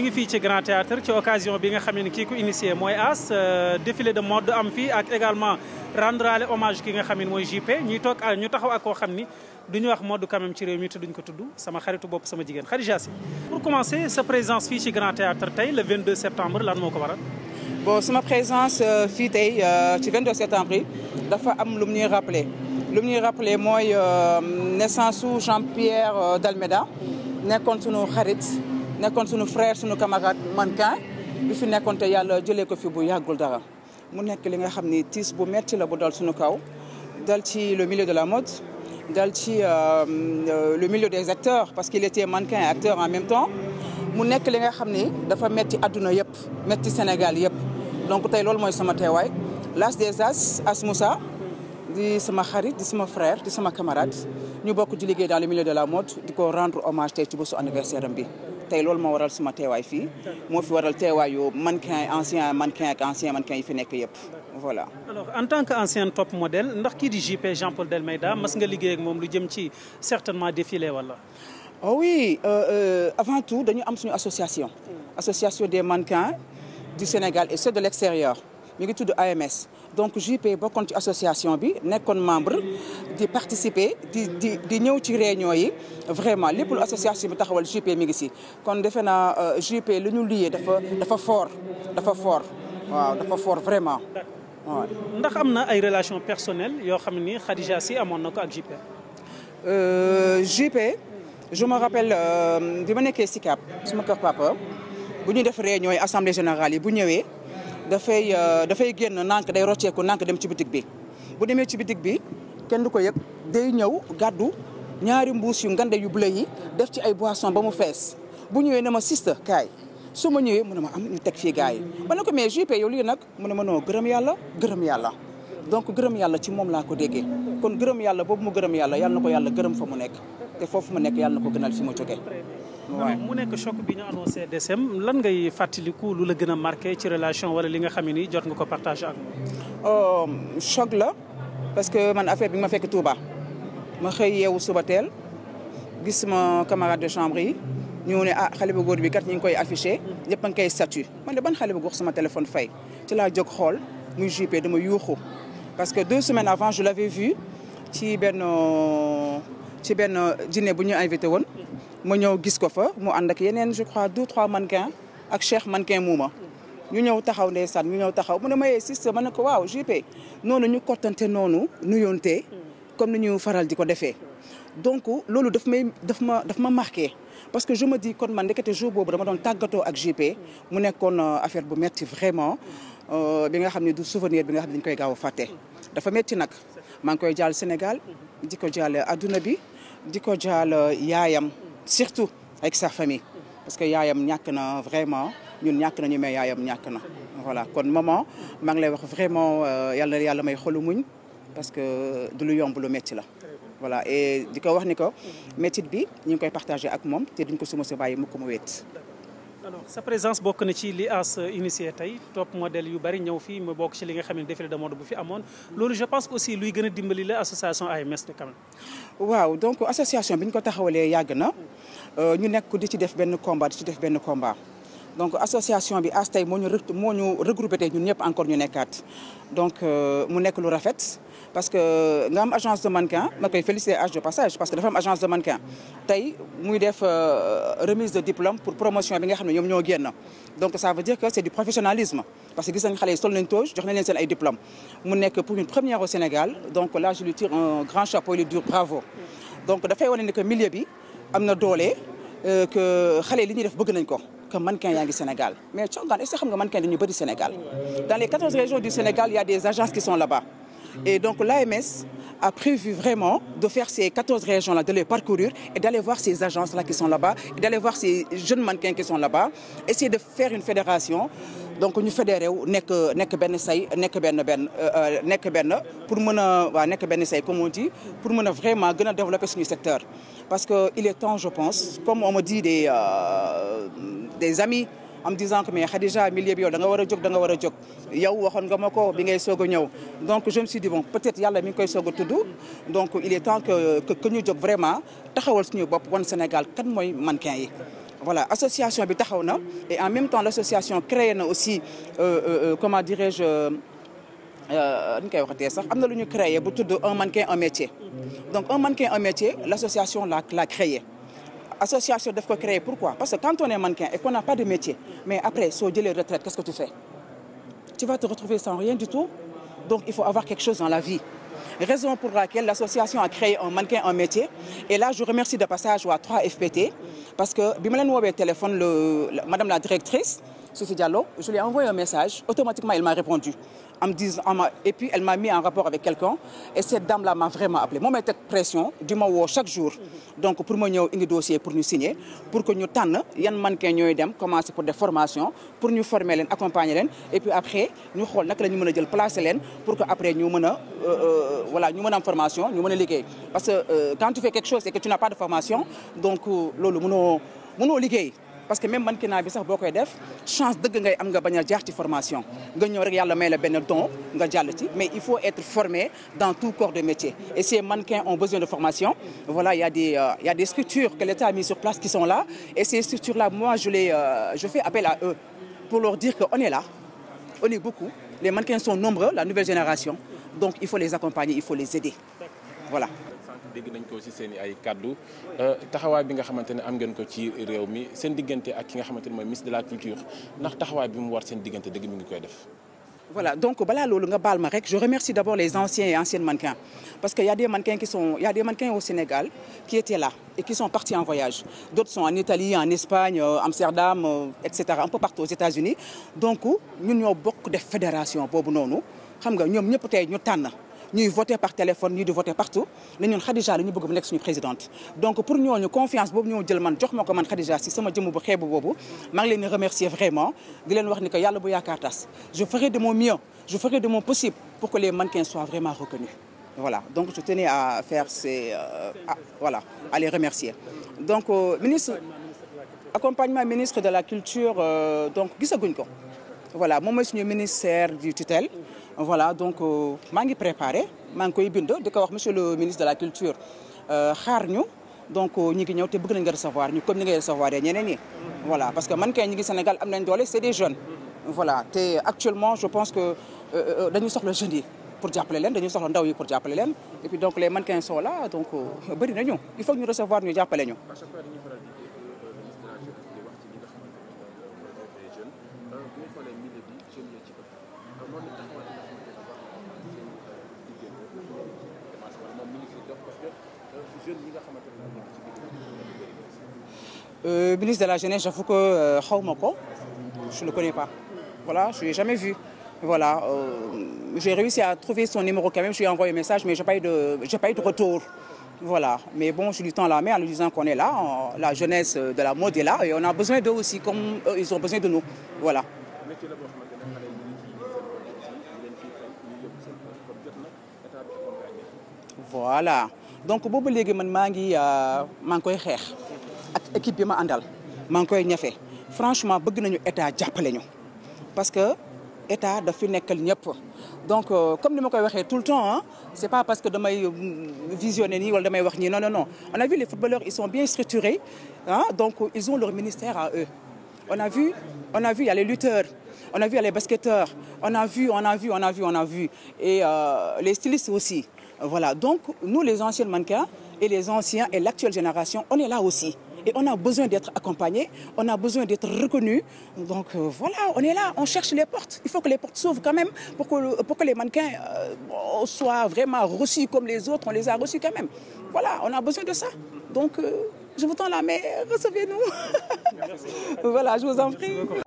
ñu ngi fii ci Grand Théâtre ci occasion bi nga xam ne kii ko initié mooy As euh, défilé de mode am fii ak également rendraale omage ki nga xam ne mooy JP ñuy toog euh, ñu taxaw ak koo xam ni du ñu wax mode quand même ci réew mi te duñ ko tudd sama xaritu bopp sama jigéen Khadija Sy pour commencer sa présence fii ci Grand Théâtre tey le 22 septembre lan moo ko waral. bon sama présence euh, fii tey ci 22 septembre yi dafa am lu mu ñuy rappelé lu mu ñuy rappelé mooy naissance su Jean Pierre Dalméda nekkoon sunu xarit. nekkoon suñu frère suñu camarade mannequin bi fi nekkoon te yàlla jëlee ko fi bu yàggul dara mu nekk li nga xam ni tiis bu metti la bu dal suñu kaw dal ci le milieu de la mode dal ci euh, le milieu des acteurs parce qu'il était mannequin et acteur en même mu nekk li nga xam ni dafa metti àdduna yëpp metti Sénégal yëpp donc tey loolu mooy sama teewaay l'as des as As Moussa di sama xarit di sama frère di sama camarade ñu bokk di liggéey dans le milieu de la mode di ko rendre hommage tey ci bésu anniversaire am bi tey loolu moo waral suma teewaay fi moo fi waral teewaayu mannequin ancien mannequin ak ancien mannequin yi fi nekk yëpp voilà. alors en tant que ancien top modèle ndax kii di JP Jean Paul Delmeida mas nga liggéey ak moom lu jëm ci certainement défilé wala. oh oui euh, euh, avant tout dañu am suñu association. association des mannequins du Sénégal et ceux de l'extérieur mi ngi tudd AMS. donc JP bokkoon ci association bi nekkoon membre di participer di di di ñëw ci réunion yi vraiment lépp lu association bi taxawal gp mi ngi si kon defe naa euh, JP lu ñu liyee dafa dafa fort dafa fort waaw dafa fort vraiment waaw. ndax am na ay relations personnelles yoo xam ni Khadija si amoon na ko ak JP. Euh, JP je me rappelle euh, bi ma nekkee SICAP suma kër papa bu ñuy def réunion yi assemblée générale yi bu ñëwee. dafay euh, dafay génn nànk day rocceeku nànk dem ci bitig bi bu demee ci bitig bi kenn du ko yëg day ñëw gàddu ñaari mbuus yu ngande yu bleu yi def ci ay boisson ba mu fees bu ñëwee ne ma sista kaay su ma ñëwee mu ne ma am ñu teg fii gars yi ma ne ko mais JP yow lii nag mu a ma noo gërëm yàlla gërëm yàlla donc gërëm yàlla ci moom laa ko déggee kon gërëm yàlla boobu mu gërëm yàlla yàlla na ko yàlla gërëm fa mu nekk te foofu mu nekk yàlla na ko gënal fi mu jógee waaw mu nekk choc bi ñu annoncé DSM lan ngay fàttaliku lu la gën a marqué ci relation wala li nga xam ne nii jot nga ko partagé ak moom. Euh, la parce que man affaire bi ma fekk Touba ma xëy yeewu suba teel gis ma camarade de chambre yi ñu ne ah xale bu góor bi kat ñu ngi koy affiché ñëpp a ngi koy statut man de ban xale bu góor sama téléphone fay ci laa jóg xool muy jupe dama yuuxu parce que deux semaines avant je l'avais vu ci benn. Euh, ci benn dîner bu ñu invité woon ma ñëw gis ko fa mu ànd ak yeneen je crois deux trois mannequins ak Cheikh mannequin muuma ñu ñëw taxaw ndeysaan ñu ñëw taxaw mu ne ma yee eh, sister ma ne ko waaw JP noonu ñu kottante noonu nuyoonte comme ni ñu faral di ko defee donc loolu daf may dafa ma daf ma marqué parce que je me dis kon man ndekete jour boobu dama doon tàggatoo ak JP mu nekkoon euh, affaire bu metti vraiment euh, bi nga xam ne du souvenir bi nga xam ne dañ koy gaaw a fàtte dafa metti nag maa ngi koy jaal Sénégal di ko jaal adduna bi di ko jaal yaayam surtout avec sa famille parce que yaayam ñàkk na vraiment ñun ñàkk nañu mais yaayam ñàkk na voilà kon maman maa ngi lay wax vraiment euh, yàlla yàlla may xolu muñ parce que du lu yomb lu métti la voilà et di ko wax ni ko métit bi ñu ngi koy partagé ak moom te duñ ko suma sa bàyyi mu ko mu alors sa présence bokk na ci li as initié tey topp modèle yu bari ñëw fii mu bokk ci li nga xam ne défilé de mode bu fi amoon loolu je pense aussi luy gën a dimbali la association AMS quand même. waaw donc association bi ñu ko taxawalee yàgg na euh, ñu nekk di ci def benn combat di ci def benn combat. donc association bi AS Tey moo ñu moo ñu regroupé ñëpp encore ñu nekkaat donc euh, mu nekk lu rafet parce que euh, nga am agence de mannequin ma koy félicité âge de passage parce que dafa am agence de mannequin tey muy def euh, remise de diplôme pour promotion bi nga xam ne ñoom ñoo génn donc ça veut dire que c'est du professionnalisme parce que gis nañ xale yi sol nañ toge jox nañ leen seen ay diplôme mu nekk pour une première au Sénégal donc là je lui tire un grand dafay wane ne que milieu bi am na doole xale li ñuy def bëgg nañ ko que mannequin yaa ngi Sénégal mais Thiongane est-ce que xam nga mannequin dañu bëri Sénégal dans les quatorze régions du Sénégal il y a des agences qui sont là-bas et donc l'AMS a prévu vraiment de faire ces quatorze régions-là de les parcourir et d'aller voir ces agences-là qui sont là-bas et d'aller voir ces jeunes mannequins qui sont là-bas essayer de faire une fédération donc ñu fédéré wu nekk nekk benn say nekk benn benn euh, euh, nekk benn pour mën a waaw nekk benn say comme on dit pour mën a vraiment gën a développer suñu secteur parce que il est temps je pense comme on me dit des euh, des amis en me disant que mais Khadija milieu bi yow danga nga war a jóg da nga war a jóg yow waxoon nga ma ko bi ngay soog a ñëw donc je me suis dit bon peut-être yàlla mi ngi koy soog a tudd donc il est temps que que ñu jóg vraiment taxawal suñu bopp wan Sénégal kan mooy mannequin yi voilà association bi taxaw na et en même temps l'association créé na aussi euh, euh, euh comment dirais-je euh, nu ñu koy waxatee sax am na lu ñu bu tudd un mannequin un métier donc un mannequin un métier l'association l'a l'a créé association daf ko créer pourquoi parce que quand on est mannequin et qu'on n'a pas de métier mais après soo jëlee retraite qu'est-ce que tu fais tu vas te retrouver sans rien du tout donc il faut avoir quelque chose dans la vie Raison pour laquelle l'association a créé un mannequin en métier. Et là, je remercie de passage à 3FPT parce que, bi ma leen woowee téléphone le, le, madame la directrice. Sophie Diallo je lui ai un message automatiquement elle m'a répondu en me disant et puis elle m'a mis en rapport avec quelqu'un et cette dame là m'a vraiment appelé moo may teg pression di ma woo chaque jour donc pour ma ñëw indi dossier pour ñu signer pour que ñu tànn yan mannequin ñooy dem commencer pour des formations pour ñu former leen accompagner leen et puis après ñu xool naka la ñu mën a leen pour que après ñu a euh, euh, voilà ñu mën a formation ñu mën a liggéey parce que euh, quand tu fais quelque chose et que tu n'as pas mënoo liggéey parce que même mannequinat bi sax boo koy def chance dëgg ngay am nga bañ a jaar ci formation nga ñëw rek yàlla may la benn don nga jàll ci mais il faut être formé dans tout corps de métier et ces mannequins ont besoin de formation voilà il y a des euh, il y a des structures que l'État a mis sur place qui sont là et ces structures là moi je les euh, je à eux pour leur dire que on est là on est beaucoup les mannequins sont nombreux la nouvelle génération donc il faut les accompagner dégg nañ ko ci seen i ay kàddu euh, taxawaay bi nga xamante ne am ngeen ko ci réew mi seen diggante ak ki nga xamante ne mooy ministre de la culture ndax taxawaay bi mu war seen diggante dégg mi ngi koy def. voilà donc bala loolu nga baal ma rek je remercie d'abord les anciens et anciennes mannequins parce que y a des mannequins a des mannequins au Sénégal qui étaient là et qui sont partis en voyage d'autres sont en Italie en Espagne euh, Amsterdam euh, etc un peu partout aux États-Unis ñoo bokk def fédération boobu noonu xam nga ñoom ñëpp tey ñu tànn. ñuy voter par téléphone ñuy di voter partout ne ñun Khadija la ñu bëgg mu nekk présidente donc pour ñooñu confiance boobu ñoo jël man jox ma ko man Khadija si sama jëmm bu xeebu ni que yàlla bu yaakaar tas je ferai de mon mieux je ferai de pour que les mannequins soient vraiment reconnus voilà donc je tenais à faire ces euh, à, voilà à les donc euh, ministre accompagnement ministre de la culture euh, donc gisaguñ ko voilà moom mooy suñu ministère du tutelle voilà donc euh, maa ngi préparé maa ngi koy bind di ko wax monsieur le ministre de la culture euh, xaar ñu donc euh, ñi ngi ñëw te bëgg nañ nga recevoir ñu comme ni ngay recevoir yee ñeneen ñi voilà parce que man kay ñi ngi Sénégal am nañ doole c'est des jeunes voilà te actuellement je pense que dañu soxla jeunes yi pour jàppale leen dañu soxla ndaw yi pour jàppale leen et puis donc les mannequins sont là donc bëri nañu il faut que ñu recevoir ñu jàppale ñu jox euh, ne euh, la euh, je le connais pas je l'ai jamais vu j'ai réussi à trouver son numéro quand même je lui envoyé un message mais j'ai pas eu de retour. Voilà, mais bon, je lui tends en la jeunesse de la mode et on a besoin d'eux aussi comme ils ont besoin de nous. Voilà. voilà donc boobu léegi man maa ngi euh, maa ngi koy xeex ak équipe bi ma àndal maa ngi koy ñafe franchement bëgg nañu état jàppale ñu parce que état daf fi nekkal ñëpp donc euh, comme ni ma koy waxee tout le temps ah c'est pas parce que damay euh, visionner nii wala may wax nii non no non on a vu les footballeurs ils sont bien structurés donc ils ont leur ministère à eux on a vu on a vu il a les lutteurs on a vu les basketteurs on a vu on a vu et les stylistes aussi Voilà, donc nous les anciens mannequins et les anciens et l'actuelle génération, on est là aussi. Et on a besoin d'être accompagné, on a besoin d'être reconnu. Donc euh, voilà, on est là, on cherche les portes. Il faut que les portes s'ouvrent pour que, les mannequins euh, soient vraiment reçus comme les autres, on les a reçus quand même. Voilà, on a besoin de ça. Donc euh, je vous tends la nous voilà, je vous en prie.